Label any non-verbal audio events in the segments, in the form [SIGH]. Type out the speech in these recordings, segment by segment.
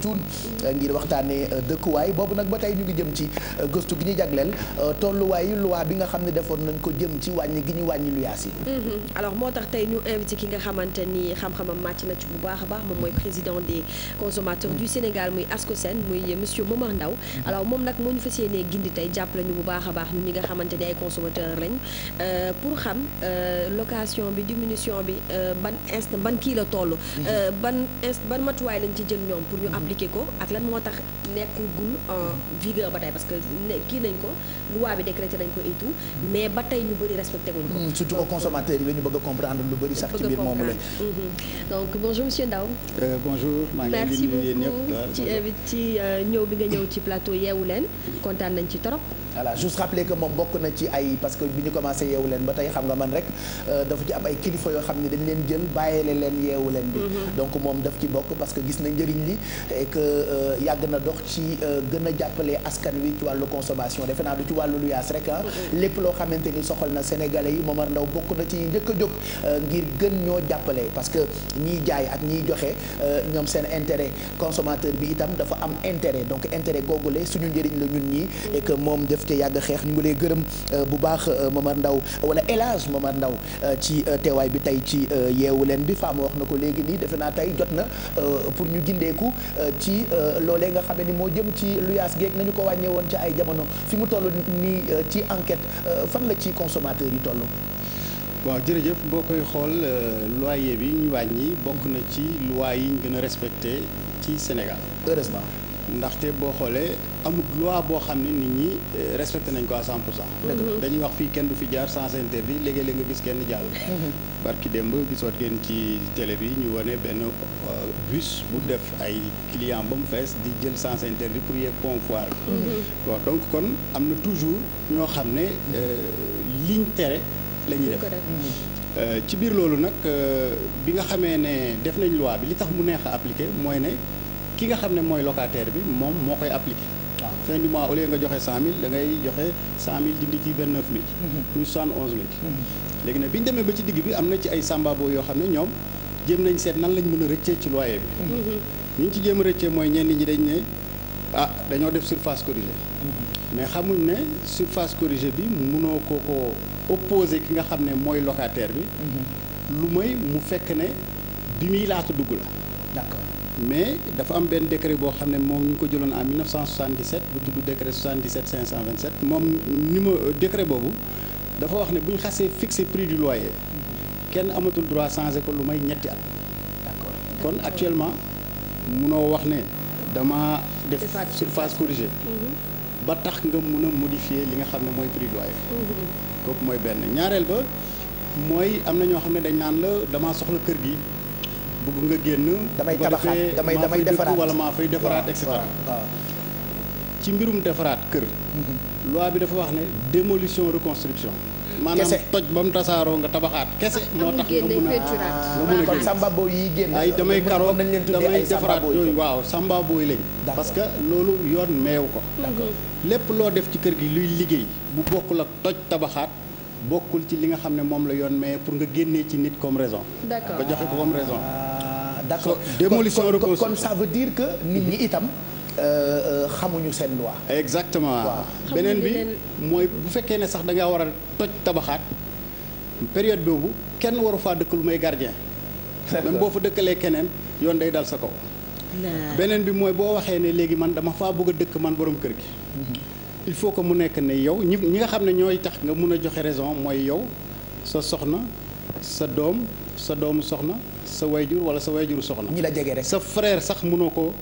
Thioune ngir waxtaanee euh, dëkkuwaay boobu nag ba tey ñu ngi jëm ci euh, gëstu gi ñu jagleel euh, lu loi bi nga xam ne defoon nañ ko jëm ci wàññi gi ñu wàññi luyaas yi. Mm-hmm. alors moo tax tey ñu invité ki nga xamante ni xam-xamam màcc na ci bu baax a baax moom mooy président des consommateurs du Sénégal muy ASCOSEN muy monsieur Momar Ndao mm-hmm. alors moom nag moo ñu fa yéenee gindi tey jàppale ñu bu baax a baax ñun ñi nga xamante ni ay consommateurs lañ pour xam location bi diminution bi ban instant ban kii la toll. Mm-hmm. ban ban matuwaay lañ ci jël ñoom pour ñu appliqué ko ak lan moo tax nekk en vigueur ba tey parce que kii nañ ko loi bi décrété nañ ko et mais ba tey ñu bëri respecté wuñ ko. Mm, surtout aux consommateurs yi la ñu bëgg comprendre lu bëri sax. ci biir moomu la mm-hmm. donc bonjour monsieur Ndao. Euh, bonjour maa ngi leen di ah, ci ci euh, ñëw bi nga ñëw ci plateau yeewu leen kontaan nañ ci torop voilà juste rappeler que moom bokk na ci ay parce que bi ñu commencé yeewu leen ba tey xam nga man rek euh, dafa ci am ay kilifa yoo xam ne dañ leen jël bàyyile leen yeewu leen bi mm-hmm. donc moom daf ci bokk parce que gis na njëriñ li et euh, yàgg na dox ci euh, gën a jàppale askan wi ci wàllu consommation defe naa du ci wàllu luyaas rek ah. mm-hmm. lépp loo xamante ni soxal na sénégalais yi Momar Ndao bokk na ci njëkk a jóg ngir gën ñoo jàppale parce que ñiy jaay ak ñiy joxe ñoom seen intérêt consommateur bi itam dafa am intérêt donc intérêt googule suñu njëriñ la ñun ñii def te yàgg xeex ñu ngi lay gërëm euh, bu baax euh, Momar Ndao wala El Hadj Momar Ndao euh, ci teewaay bi tey ci yeewu leen bi faama wax na ko léegi nii defe naa tey jot na pour ñu gindeeku ci loolee nga xam ne ni moo jëm ci luyaas geeg nañu ko wàññee woon ci ay jamono fi mu toll nii ci enquête fan la ci consommateur yi toll. waaw jërëjëf boo koy xool loyer bi ñu wàññi bokk na ci loi yi ñu gën a respecté ci Sénégal. heureusement. ndaxte boo xoolee amul loi boo xam ne nit ñi euh, respecté nañ ko à 100 mm-hmm. dañuy wax fii kenn du fi jaar sans interdit léegi-léeg nga gis kenn jàll. Mm-hmm. barki démb gisoo génn ci télé bi ñu wane benn euh, bus bu def ay client ba mu fees di jël sans interdit pour yegg pont foire. bon donc kon am na toujours ñoo xam ne euh, liñ tere la ñuy def. ci biir loolu nag bi nga xamee ne def nañ loi bi li tax mu neex a appliqué mooy ne. ki nga xam ne mooy locataire bi moom moo koy appliqué. waaw fin du ole nga joxe 100000 da ngay joxe 100000 dindi ci 29000. Mhm. muy 71000. Mhm. léegi nag bi ñu demee ba ci digg bi am na ci ay sambabo yoo xam ne ñoom jëm nañ seet nan lañ mën a rëccee ci loyer bi. ñu mhm. ñu ci jéem a rëccee mooy ñenn ñi dañ ne ah dañoo def surface corrigée. mais xamuñ ne surface corrigée bi mu mënoo ko ko opposé ki nga xam ne mooy locataire bi. lu may mu fekk ne bi muy laata dugg la. mais dafa am benn décret boo xam ne moom ñu ko jëloon en 1977 bu tudd décret 77 527 moom numéro euh, décret boobu dafa wax ne bu ñu xasee fixé prix du loyer kenn amatul droit changé ko lu may ñetti at. d'accord kon actuellement munoo wax ne dama def surface corrigée. Mm-hmm. ba tax nga mun a modifier li nga xam ne mooy prix du loyer. Mm-hmm. kooku mooy benn ñaareel ba mooy am na ñoo xam ne dañ naan la damaa soxla kër gi. bëgg nga génn. damay tabaxaat damay damay defaraat wala maa fay defaraat et cetera ci mbirum defaraat kër. Mhm. loi bi dafa wax ne démolition reconstruction. maanaam toj ba mu tasaaroo nga tabaxaat kese. moo tax nga mun a sambabo yi ay damay karoo damay defaraat yooyu waaw sambabo yi lañ. que loolu yoon meew ko. lépp loo def ci kër gi luy liggéey. bu bokkul ak toj tabaxaat. bokkul ci li nga xam ne moom la yoon mais pour nga génnee ci nit comme raison. d'accord ba joxe ko comme raison. Ah. d'accord démolition repose kon ça veut dire que nit ñi itam euh, euh, xamuñu seen loi. exactement beneen bi mooy bu fekkee ne sax da war a toj tabaxaat période boobu kenn waru faa dëkk lu may gardien. même boo fa dëkkalee keneen yoon day dal sa kaw. beneen bi mooy boo waxee ne léegi man dama faa bëgg dëkk man borom kër gi. Mm-hmm. il faut que mu nekk ne yow ñi ñi nga xam ne ñooy tax nga mun a joxe raison mooy yow sa soxna. sa doom sa doomu soxna sa wayjur wala sa wayjuru soxna. ñi la jege rek sa frère sax mënoo ko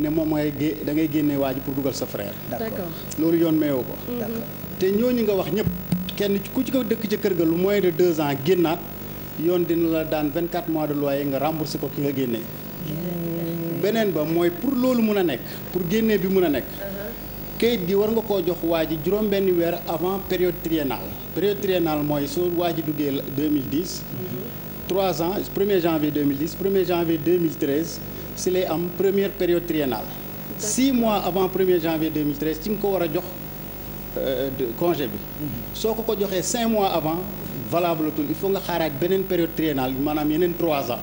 ne moom ngay gé da ngay génne waaju pour dugal sa frère. d'accord loolu yoon mayoo ko. Mhm. te ñooñu nga wax ñëpp kenn ku ci ko dëkk ca kër ga lu mooy de deux ans génnaat yoon dina la daan vingt quatre mois de loyer nga remboursé ko ki nga génnee. beneen ba mooy pour loolu mun a nekk pour génnee bi mun a nekk. Uh-huh. kayit gi war nga koo jox waa ji juróom benni weer avant période triennale période triennale mooy su waa ji duggee 2010 3 ans 1er janvier 2010 1er janvier 2013 si lay am première période triennale 6 mois avant 1er janvier 2013 ci nga ko war a jox euh, congé bi mhm. soo ko ko joxee 5 mois avant valable tul il faut nga xaaraat beneen période triennale bi maanaam yeneen trois ans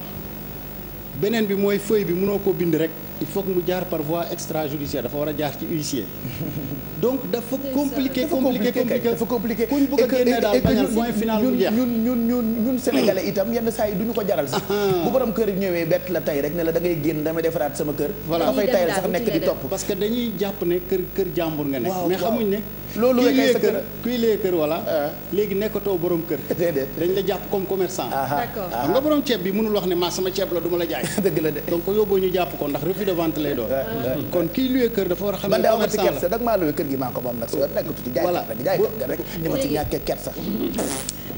beneen bi mooy feuille bi mënoo ko bind rek il faut que mu jaar par voie extrajudiciaire dafa war a jaar ci huissier. [LAUGHS] donc dafa compliqué compliqué compliqué dafa compliqué kuñ bëgg a génne daal bañal point mu jeex ñun ñun itam yenn saa yi du ñu ko jaral sax ah. bu borom kër ñëwee bett la tey rek ne la da ngay génn damay defaraat sama kër voilà fay tayal sax nekk di topp parce que dañuy jàpp ne kër kër jàmbur nga nekk mais xamuñ ne loolu kuy lee kër kuy lee kër voilà ah. léegi nekkatoo borom kër [LAUGHS] dañ la jàpp comme commerçant nga borom bi mënul wax ne ma la jaay [LAUGHS] la de donc yóbboo ñu jàpp de vente lay doon. xam ne commerçant la man de kersa nag maa luwee kër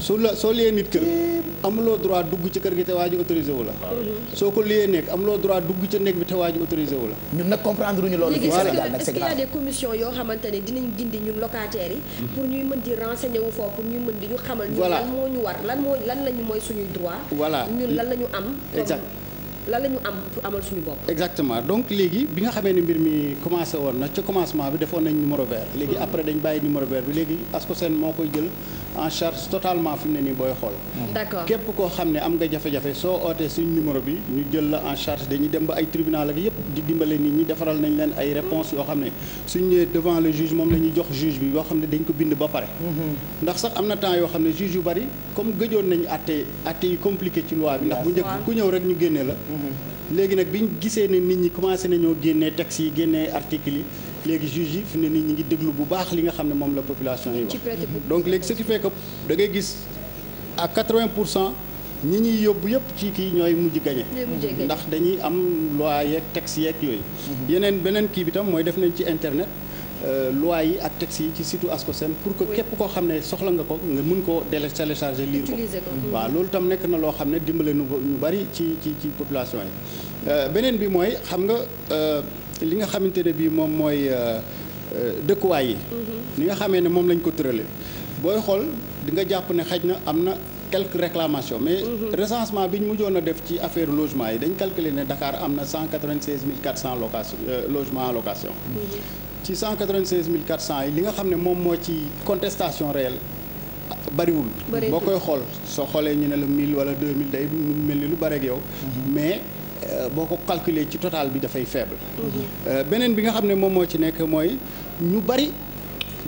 [LAUGHS] su la soo liyee dugg ci kër gi te waa ji autorisé wu la. soo ko liyee nekk amuloo droit dugg ci nekk bi te waa ji wu la. ñun nag comprendre loolu. voilà est-ce qu'il y a des commissions yoo xamante ne dinañ gindi ñun locataires yi. Mm-hmm. pour ñuy mën di renseigner wu foofu pour ñuy mën di ñu xamal. ñun lan moo ñu war lan moo lan lañu mooy suñuy droit. voilà ñun lan lañu am. exact lan la ñu am pour amal suñu bopp. exactement donc léegi bi nga xamee ne mbir mi commencé woon na ca commencement bi defoon nañ numéro vert. léegi après dañ bàyyi numéro vert bi léegi ASCOSEN moo koy jël. en charge totalement fi mu ne nii booy xool. Hmm. d'accord képp koo xam ne am nga jafe-jafe soo ootee suñ numéro bi ñu jël la en charge dañuy dem ba ay tribunal ak yëpp di dimbale nit ñi defaral nañ leen ay réponses yoo xam ne suñ ñëwee devant le juge moom la ñuy jox juge bi yoo xam ne dañ ko bind ba pare. Hmm. ndax sax am na temps yoo xam ne juge yu bari comme gëjoon nañu àtte àtte yu compliqué ci loi bi ndax bu njëkk ku ñëw rek ñu génne la. Hmm. léegi nag bi biñ gisee ne nit ñi commencé nañoo génnee textes yi génnee articles yi. léegi juge yi fi ne nii ñu ngi déglu bu baax li nga xam ne moom la population yi wax donc léegi ce qui fait que ngay gis à 80 pour cent ñi ñuy yóbbu yëpp ci kii ñooy mujj gañe ndax dañuy am loi yeeg texte yeeg yooyu mhm. yeneen beneen kii bi tam mooy def nañ ci internet euh, loi yi ak texte yi ci surtout seen pour que képp koo xam ne soxla nga ko nga mën koo télécharger liir ko mhm. Mhm. waaw loolu tam nekk na loo xam ne dimbale nu ñu bari ci ci ci population yi euh, beneen bi mooy xam nga euh, li nga xamante ne bii moom mooy euh, euh, dëkkuwaay yi. Mm-hmm. li nga xamee ne moom lañ ko tëralee. booy xool di nga jàpp ne xaj na am na quelques réclamations mais. Mm-hmm. recensement bi ñu mujjoon a def ci affaire logement yi dañ calculer ne dakaar am na cent quatre-vingt-seize mille quatre cent location euh, logement location. Mm-hmm. ci cent quatre vingt mille quatre cent yi li nga xam ne moom moo ci contestation réelle. Ah, bariwul boo koy xool soo xoolee ñu ne la mille wala deux mille day mel ni lu bari yow mais Euh, boo ko calculer ci total bi dafay faible. Mhm. Euh, beneen bi nga xam ne moom moo ci nekk mooy ñu bari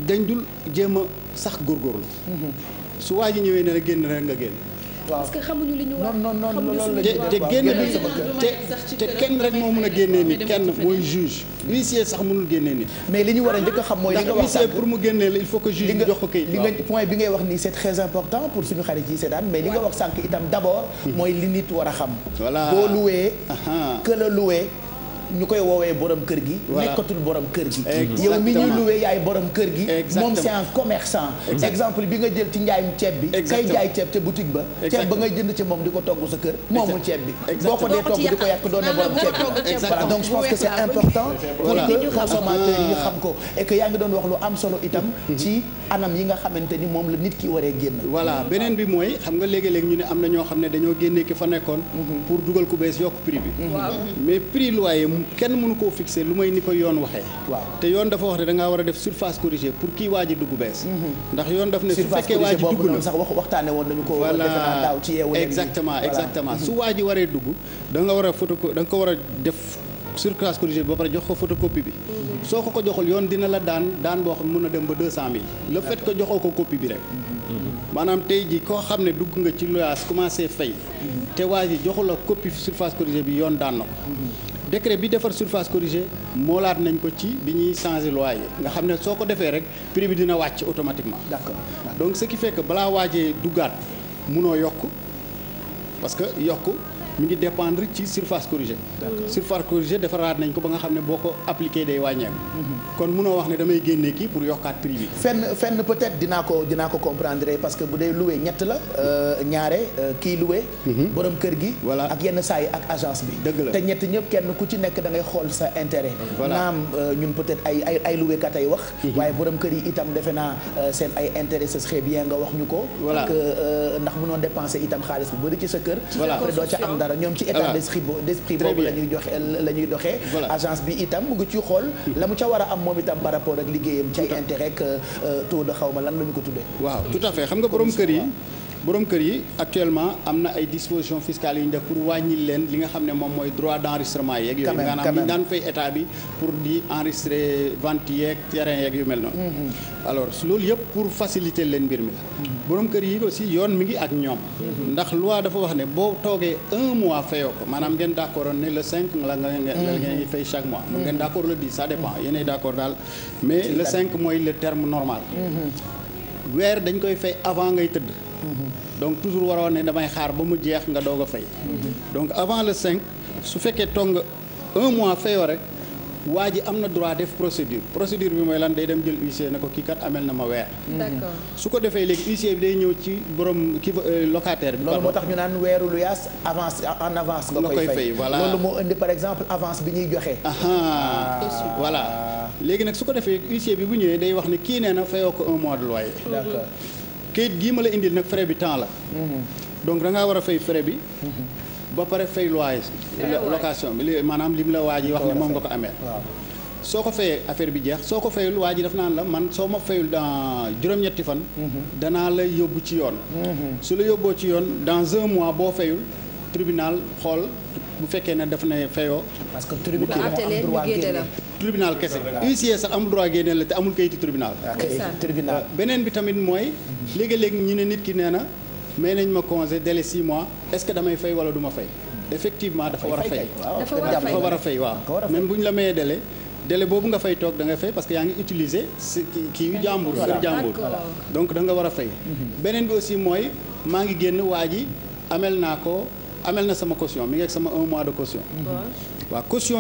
dañ dul jéem a sax góorgóorlu. Mhm. su waa ji ñëwee ne la génn rek nga génn. parce que xamuñu li ñu war te génn bi te te kenn rek moo mën a génnee nit kenn mooy juge huissier sax mënul génnee nit mais li ñu war a njëkk a xam mooy li nga wax huissier pour mu génnee il faut que juge jox ko point bi ngay wax nii c'est très important pour suñu xarit yi seetaan mais li nga wax sànq itam d'abord hmm. mooy li nit war a xam boo loué que la ñu koy woowee borom kër gi. nekkatul borom kër gi. yow mi ñuy luwee yaay borom kër gi. moom c'est un exemple bi nga jël ci njaayum ceeb bi. kay jaay ceeb ca boutique ba. ceeb ba ngay jënd ci moom di ko togg sa kër. moomul ceeb bi boo ko dee togg di ko yàq doon na borom ceeb bi. voilà donc je pense que c'est important. pour que consommateurs yi doon wax lu am solo itam. Mhm. ci anam yi nga xamante ni moom la nit ki waree génn. voilà beneen bi mooy xam nga léegi-léegi ñu ne am na ñoo xam ne dañoo génne ki fa nekkoon. Mhm. pour dugal ku bees yokk prix bi. Mhm. mais prix loyer kenn mënu koo fixé lu may ni ko yoon waxee. waaw te yoon dafa wax ne da war a def surface corrigée pour kii waa ji dugg bees. Mhm. ndax yoon daf ne su fekkee waa ji dugg na sax wax waxtaanee woon nañu ko. daaw ci exactement mhm. su waa ji waree dugg da nga war a photo da nga ko war a def. surclasse corrigée bi ba jox ko photocopie bi mhm. soo ko ko joxul yoon dina la daan daan boo xam mun a dem ba deux cent mille le fait que joxoo ko copie bi rek maanaam tey ji koo xam ne dugg nga ci loyaas commencé fay te waa ji joxu la coppi surface corrigée bi yoon daan na ko décret bi defar surface corrigée moolaat nañ ko ci bi ñuy changer loi yi nga xam ne soo ko defee rek prix bi dina wàcc automatiquement. d'accord donc ce ki fekk balaa waajee duggaat munoo yokk parce que yokk. mu ngi dépendre ci surface corrigée. surface corrigée defaraat nañ ko ba nga xam ne boo ko appliqué day wàññeeku. Mhm. kon munoo wax ne damay génne kii pour yokkaat prix bi. fenn fenn peut-être dinaa ko dinaa ko comprendre parce que bu dee loué ñett la euh, ñaare euh, kii loué. Mhm. boroom kër gi. voilà ak yenn saa yi ak agence bi. dëgg la te ñett ñëpp kenn ku ci nekk dangay xool sa intérêt. naam euh, ñun peut-être ay ay ay loué ay wax. Mhm. waaye boroom kër yi itam defe naa seen ay intérêt bien nga wax ñu ko. voilà ndax munoon dépenser itam xaalis bi ci sa kër. voilà doo ca dara ñoom ci état d'esprit d'esprit boobu la ñuy joxe la agence bi itam mu ngi ciy xool la mu ca war a am moom itam par rapport ak liggéeyam ci ay intérêt que euh, taux de xaw ma lan la ñu ko tuddee waaw tout à fait xam nga borom kër yi borom kër yi actuellement am na ay dispositions fiscales yu ñu pour wàññi leen li nga xam ne moom mooy droit d' enregistrement yeeg yooyu maanaam ñu daan fay état bi pour di enregistrer vente yeeg terrain yeeg yu mel noonu mm-hmm. alors loolu yëpp pour faciliter leen mbir mi la mm-hmm. borom kër yi aussi yoon mi ngi ak ñoom mm-hmm. ndax loi dafa wax ne boo toogee un mois fayoo ko maanaam ngeen d' accord ne le cinq la nga ngeen fay chaque mois mu ngeen d' accord le dix ça dépend yéenay d' accord daal mais le cinq mooy le terme normal weer dañ koy fay avant ngay tëdd donc toujours waroon ne damay xaar ba mu jeex nga doog a fay. donc avant le cinq su fekkee toog nga un mois fayoo rek waa ji am na droit def procédure procédure bi mooy lan day dem jël huissier ne ko kii kat ameel na ma weer. d'accord su ko defee léegi huissier bi day ñëw ci borom ki euh, locataire bi. loolu moo tax ñu naan weeru lu yaas avance en avance. nga koy fay voilà loolu moo indi par exemple avance bi ñuy joxe. Ah. voilà léegi nag su ko defee huissier bi bu ñëwee day wax ne kii nee na fayoo ko un mois de loyer. kayit gii ma la indil nag frais bi temps la. Mhm. donc da war a fay frais bi. Mhm. ba pare fay loyer. location bi li maanaam li mu la waa yi wax ne moom nga ko amee. soo ko fayee affaire bi jeex soo ko fayul waa ji daf naan la man soo ma fayul dans juróom-ñetti fan. Mhm. danaa la yóbbu ci yoon. su la yóbboo ci yoon dans un mois boo fayul tribunal xool bu fekkee ne daf ne fayoo. parce que tribunal moo am droit tribunal kese huissier sax amul droit génneel la te amul kayitu tribunal ah, euh, beneen bi tamit mooy léegi-léegi ñu ne nit ki nee na may nañ ma congé délai 6 mois est-ce que damay fay wala du ma fay effectivement dafa war a fay dafa war a fay waaw même bu ñu la mayee délai délai boobu nga fay toog da nga fay parce que yaa ngi utiliser kii yu jàmbur kër jàmbur donc da nga war a fay mhm. beneen bi aussi mooy maa ngi génn waa ji amel naa ko ameel na sama caution mi ngi ak sama un mois de caution mhm. waaw caution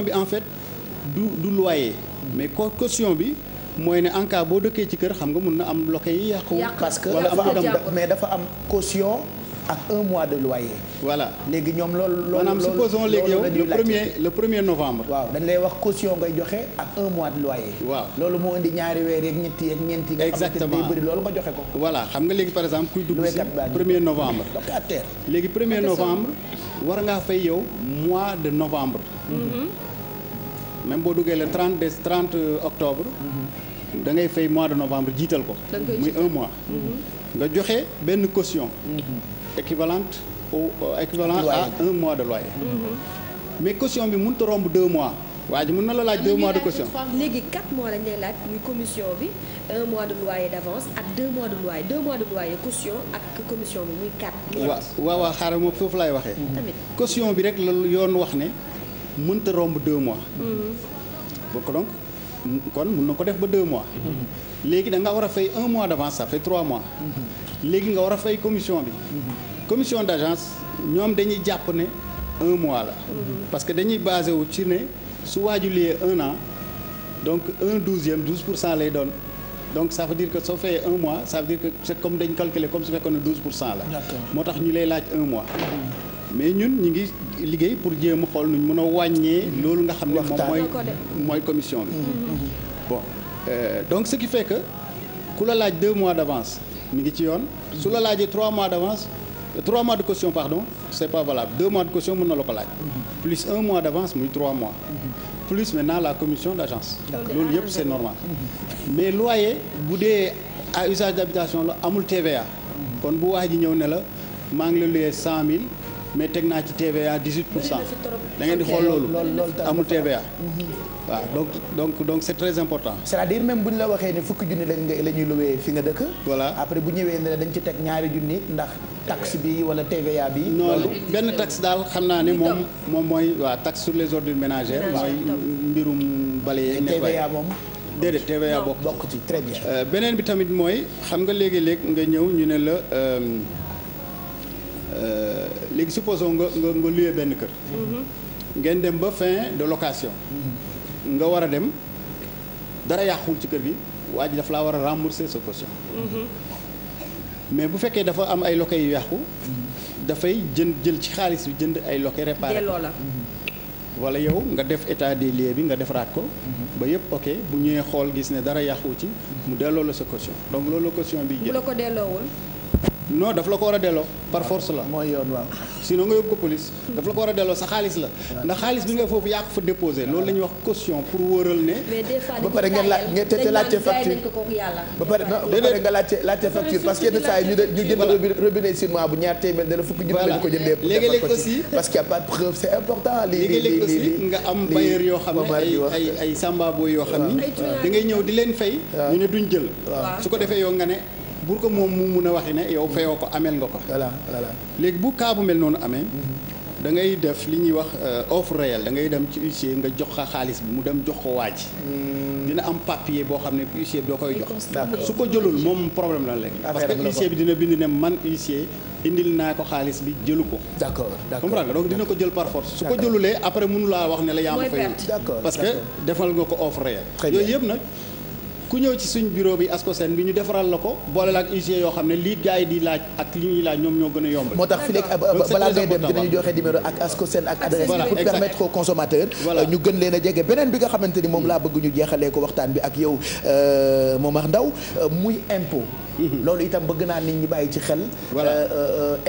du du loyer mais caution bi mooy ne en cas boo dëkkee ci kër xam nga mun na am loke yi yàqu parce que mais dafa am caution ak mois de loyer. voilà léegi ñoom loolu. loolu maanaam supposons léegi yow le le premier novembre. waaw dañ lay wax caution ngay joxe ak un mois de loyer. waaw loolu moo indi ñaari weer yeeg ñetti yeeg ñeenti. exactement nga bëri loolu nga joxe ko. voilà xam nga léegi par exemple kuy dugg si premier novembre. locataire léegi premier novembre. war ngaa fay yow mois de novembre. Mhm. même boo duggee le trente des trente octobre. da ngay fay mois de novembre jiital ko. muy un mois. Mm-hmm. nga joxe benn caution. Mm-hmm. équivalente au euh, équivalent à un mois de loyer. Mm-hmm. mais caution bi mun a romb deux mois. waa ji mën na la laaj deux mois de caution léegi quatre mois lañ bi un mois de loyer d'avance ak mois de loyer de loyer caution ak commission bi muy quatre. waaw waaw xaaral ma foofu laay waxee. caution bi rek la yoon wax ne. mënta romb deux mois. donc mm-hmm. donc kon mun na ko def ba deux mois. Mm-hmm. léegi da nga war a fay un mois d'avance ça fait trois mois. Mm-hmm. léegi nga war a fay commission bi. commission d'agence ñoom dañuy jàpp ne un mois la. parce que dañuy basé wu ci ne su waajulee un an donc un douzième douze pour cent lay doon. donc ça veut dire que soo fayee un mois sa veut dire que c'est comme dañ calculer comme su fekkoon ne douze pour cent la. moo tax ñu lay laaj un mois. mais ñun ñu ngi liggéey pour jéem a xool nu ñu mën a wàññee loolu nga xam ne moom mooy mooy commission bi mm-hmm. Mm-hmm. Mm-hmm. bon euh, donc ce qui fait que ku la laaj deux mois d'avance mi ngi ci yoon su la laajee trois mois d'avance trois mois de caution pardon c'est pas valable deux mois de caution mën na ko laaj plus un mois d'avance muy trois mois plus maintenant la commission d'agence loolu yëpp ah, c'est normal mais loyer bu dee à usage d'habitation la amul TVA kon bu wax ji ñëw ne la maa ngi la luyee cent mille mais teg naa ci TVA 18 pour cent da ngeen di xool loolu amul TVA waaw donc donc donc c'est très important cest à même bu ñu la waxee ne fukki junni lañ la ñuy luwee fi nga dëkk voilà après bu ñëwee ne dañ ci teg ñaari junni ndax taxe bi wala TVA bi non benn taxe daal xam naa ni moom moom mooy waaw taxe sur les ordures ménagères mooy mbirum bale TVA moom déedéet TVA bokk bokk ci très bien euh, beneen bi tamit mooy xam nga léegi-léeg nga ñëw ñu ne la euh, Euh, léegi supposons nga nga nga loué benn kër. Mhm. ngeen dem ba fin de location. Mhm. nga war a dem dara yàquwul ci kër gi waa ji daf laa war a rembourser sa caution. Mhm. mais bu fekkee dafa am ay loquet yu yàqu. dafay jën jël ci xaalis bi jënd ay loquet réparé la wala yow nga def état de lieux bi nga def defaraat ko. ba yëpp ok bu ñëwee xool gis ne dara yàqu ci. mu delloo la sa caution donc loo la bi jël. bu la ko delloowul. no daf la ko war a delloo par force la mooy yoon waaw sinon nga yóbbu ko police daf la ko war a delloo sa xaalis la ndax xaalis bi nga foofu yaa ko fa déposé loolu la wax caution pour wóoral ne ba pare nga laaj nga te laajte facture ba pare nga parce que yenn saa yi ñu jënd robinet chinois bu ñaar téeméer dala fukki junni lañu ko jëndee léegi-léegi aussi parce qu'il y important léegi-léegi aussi nga am bailleur yoo xam ne ay ay samba boy yoo xam ni da ñëw di leen fay ñu ne duñ jël su ko defee yow nga ne pour ko moom mu mun a waxi ne yow feyoo ko amel nga ko voilà voilà léegi bu cas mel noonu amee da ngay def li ñuy wax euh, offre réelle dangay dem ci huissier nga jox ko xaalis bi mu dem jox ko waa ji hmm. dina am papier boo xam ne huissier bi da koy jox su ko jëlul moom problème la léegi parce que huissier bi dina bind ne man huissier indil naa ko xaalis bi jëlu ko d'accord d'accord comprendre nga donc dina ko jël par force su ko jëlulee après mënu laa wax ne la yaa ma fay parce que defal nga ko offre réelle yooyu yëpp nag ku ñëw ci suñ bureau bi ASCOSEN bi ñu defaral la ko boole la ak UG yoo xam ne lii gars yi di laaj ak li ñuy laaj ñoom ñoo gën a yomb. moo tax fii léegi balaa ngay dem dinañu joxe numéro ak ASCOSEN ak adresse bi pour permettre aux euh, ñu gën leen jege beneen bi nga xamante ni moom laa bëgg ñu jeexalee ko waxtaan bi ak yow euh, Momar Ndao euh, muy impôt mhm. loolu itam bëgg naa nit ñi bàyyi ci xel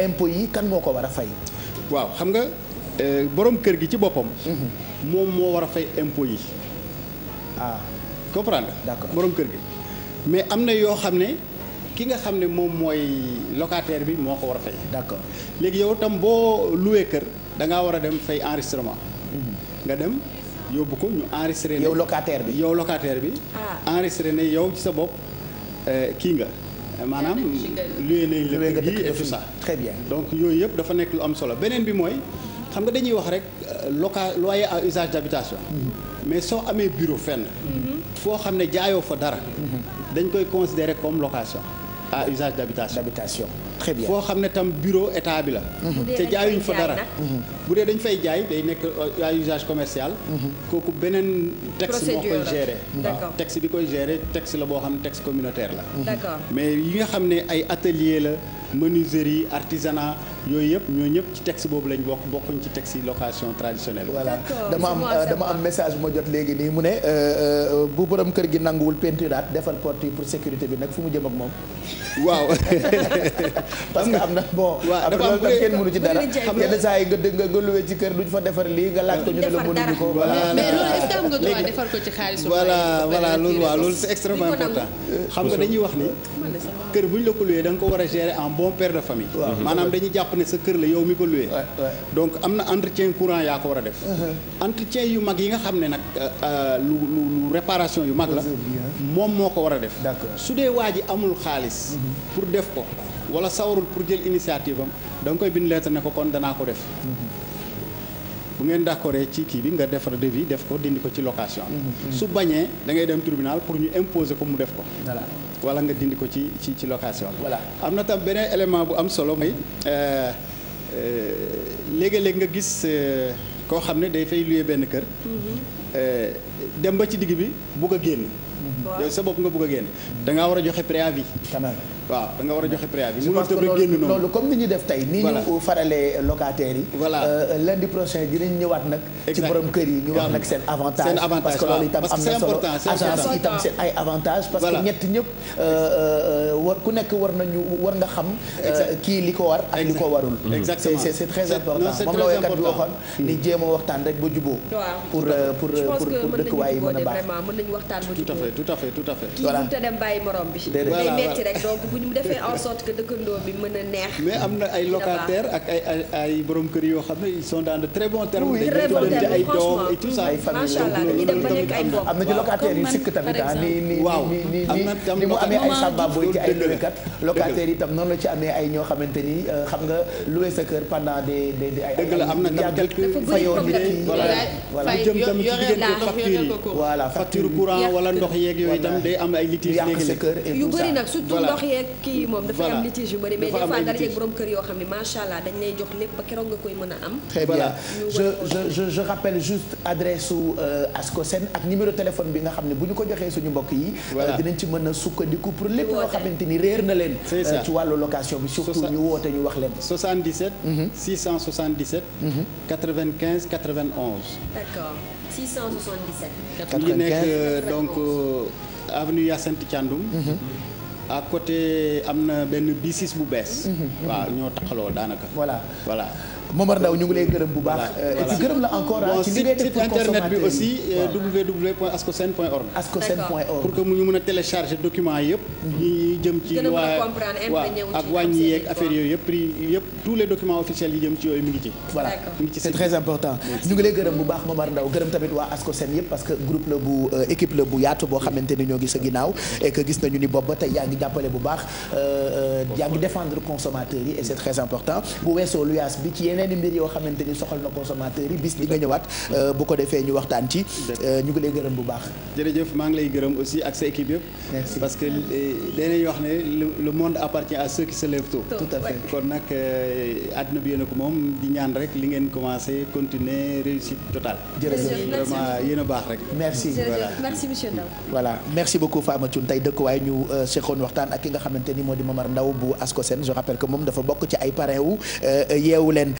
impôt yi kan moo ko war a fay waaw xam nga boroom kër gi ci boppam mhm. moom moo war a fay impôt yi ah. comprendre nga borom kër gi mais am na yoo xam ne ki nga xam ne moom mooy locataire bi moo ko war a fay d'accord léegi yow tam boo loué kër da ngaa war a dem fay enregistrement mhm. nga dem yóbbu ko ñu enregistré yow bi yow locataire bi ah. enregistré ne yow ci sa bopp euh, kii nga maanaam loué nañ la kër gi et tout ça très bien donc yooyu yëpp dafa nekk lu am solo beneen bi mooy xam nga dañuy wax rek euh, loca loyer à usage d'habitation mhm. mais soo amee bureau fenn mhm. foo xam ne jaayoo fa dara. dañ koy considérer comme location. à usage d'habitation. d'habitation. très bien foo xam ne tam bureau état bi la. Mhm. te jaayuñ fa dara. bu dee dañ fay jaay day nekk euh, à usage commercial. Mhm. kooku beneen texte moo koy gérer. Mhm. d'accord ah, texte bi koy gérer texte la boo xam ne texte communautaire la. d'accord mais yi nga xam ne ay atelier la menuiserie artisanat yooyu yëpp ñoo ñëpp ci texte boobu lañ bokk bokkuñ ci texte location traditionnelle. voilà dama am dama am message moo jot léegi nii mu ne euh, euh, bu borom kër gi nanguwul peinturaat defar porte yi pour sécurité bi nag fu mu jëm ak moom. [LAUGHS] parce que am na bon dafa am kenn mënu xam nga saa yi nga nga luwee ci kër duñ fa defar lii nga laaj ko ñu ko defar ko ci xaalisu voilà voilà loolu waaw loolu c'est important euh, xam nga dañuy wax ni kër buñ la ko luwee da nga ko war a gérer en bon père de famille maanaam dañuy jàpp ne sa kër la yow mi ko luwee donc am na entretien courant yaa ko war a def uh-huh. entretien yu mag yi nga xam ne nag euh, euh, lu lu réparation yu mag la moom moo ko war a def su dee waa ji amul xaalis mm-hmm. pour def ko wala sawarul pour jël initiative am da koy bind lettre ne ko kon danaa ko def mm-hmm. bu ngeen d'accord ci kii bi nga defar devis def ko dindi ko ci location mm-hmm. su bañee da ngay dem tribunal pour ñu imposer ko mu def ko voilà wala nga dindi ko ci ci ci location voilà am na tam beneen élément bu am solo mooy euh, euh, léegi-léeg nga gis euh, koo xam ne day fay luye benn kër mm-hmm. dem ba ci digg bi bugg a génn yooyu sa bopp nga bugg a génn da war a joxe préavis waaw da war a joxe préavis. mënoo tëb rek génn noonu loolu comme ni ñu def tey. ni ñu faralee locataires yi. voilà euh, lundi prochain dinañ ñëwaat nag. ci borom kër yi ñu wax nag seen avantage. seen avantage parce que loolu itam am na solo agence itam seen ay avantage parce que ñett ñëpp euh, euh, war ku nekk war ñu war nga xam. kii li ko war ak li ko warul. Mm-hmm. exactement c'est c'est très moom la woykat bi waxoon. ni mm-hmm. jéem a waxtaan rek ba juboo pour pour pour pour dëkkuwaay yi mën a baax. tout à kii mënut a dem bàyyi morom bu ñu defee en sorte am na ay locataires yoo xam ne ils sont dans de très bons termes. oui très bons termes ay doom et tout ba nekk ay mu amee ay samba boy ci ay liggéeykat locataires yi tam noonu la ci amee ay ñoo xamante ni euh, xam nga loué sa kër pendant des des des ay. dëgg la am na tam quelques fayoon nit ki voilà jëm tamit ci diggante facture yi voilà facture courant wala ndox yeeg yooyu tam day am ay litiges léegi yu bëri nag surtout ndox yeeg kii yi moom dafay am litige yu bëri mais des fois nga dajeeg borom kër yoo xam ne macha allah dañ lay jox lépp ba keroog nga koy mën a am très bien je je je rappelle juste adresse su euh, Ascosen ak numéro téléphone bi nga xam ne bu ñu ko joxee suñu mbokk yi euh, dinañ ci mën a sukkandiku pour lépp loo xamante ni réer na leen euh, ci wàllu location bi surtout ñu woote ñu wax leen 77 677 95 91 d'accord 677 ñu nekk donc avenue Hyacinthe Thiandoum mhm. à côté am na benn b bu bees. Mhm. waaw ñoo taxaloo daanaka. voilà voilà. Momar Ndao ñu ngi lay gërëm bu baax. Euh, et puis gërëm la encore ah. ci liberté pour consommateur internet bi aussi www.ascosen.org. Euh, ñu mën a télécharger documents yëpp. Mhm. yi jëm ci yooyu yëpp prix yëpp tous les documents officiels yi jëm ci yooyu mi ngi ci. voilà c'est très important. ñu ngi lay gërëm bu baax Momar Ndao gërëm tamit waa Ascosen yëpp parce que groupe la bu euh, équipe la bu yaatu boo xamante ni ñoo ngi sa ginnaaw et que gis nañu ni boobu ba tey yaa ngi jàppale bu baax yaa ngi défendre consommateurs yi et c'est très important bu weesoo yeneen mbir yoo xamante ni soxal na consommateur yi bis bi euh, ko defee ñu waxtaan ci euh, ñu ngi lay gërëm bu baax jërëjëf maa ngi lay gërëm aussi ak sa équipe yëpp parce que euh, dañuy wax ne le monde appartient à ceux qui se lèvent kon nag àddina bi yéen a ko moom di ñaan rek li ngeen commencé continuer réussite totale jërëjëf vraiment yéen a baax rek merci voilà merci monsieur Ndao voilà merci beaucoup Fama Thioune tey dëkkuwaay ñu seqoon waxtaan ak ki nga xamante ni moo di Momar Ndao bu seen je rappelle que moom dafa bokk ci ay parrain wu yeewu leen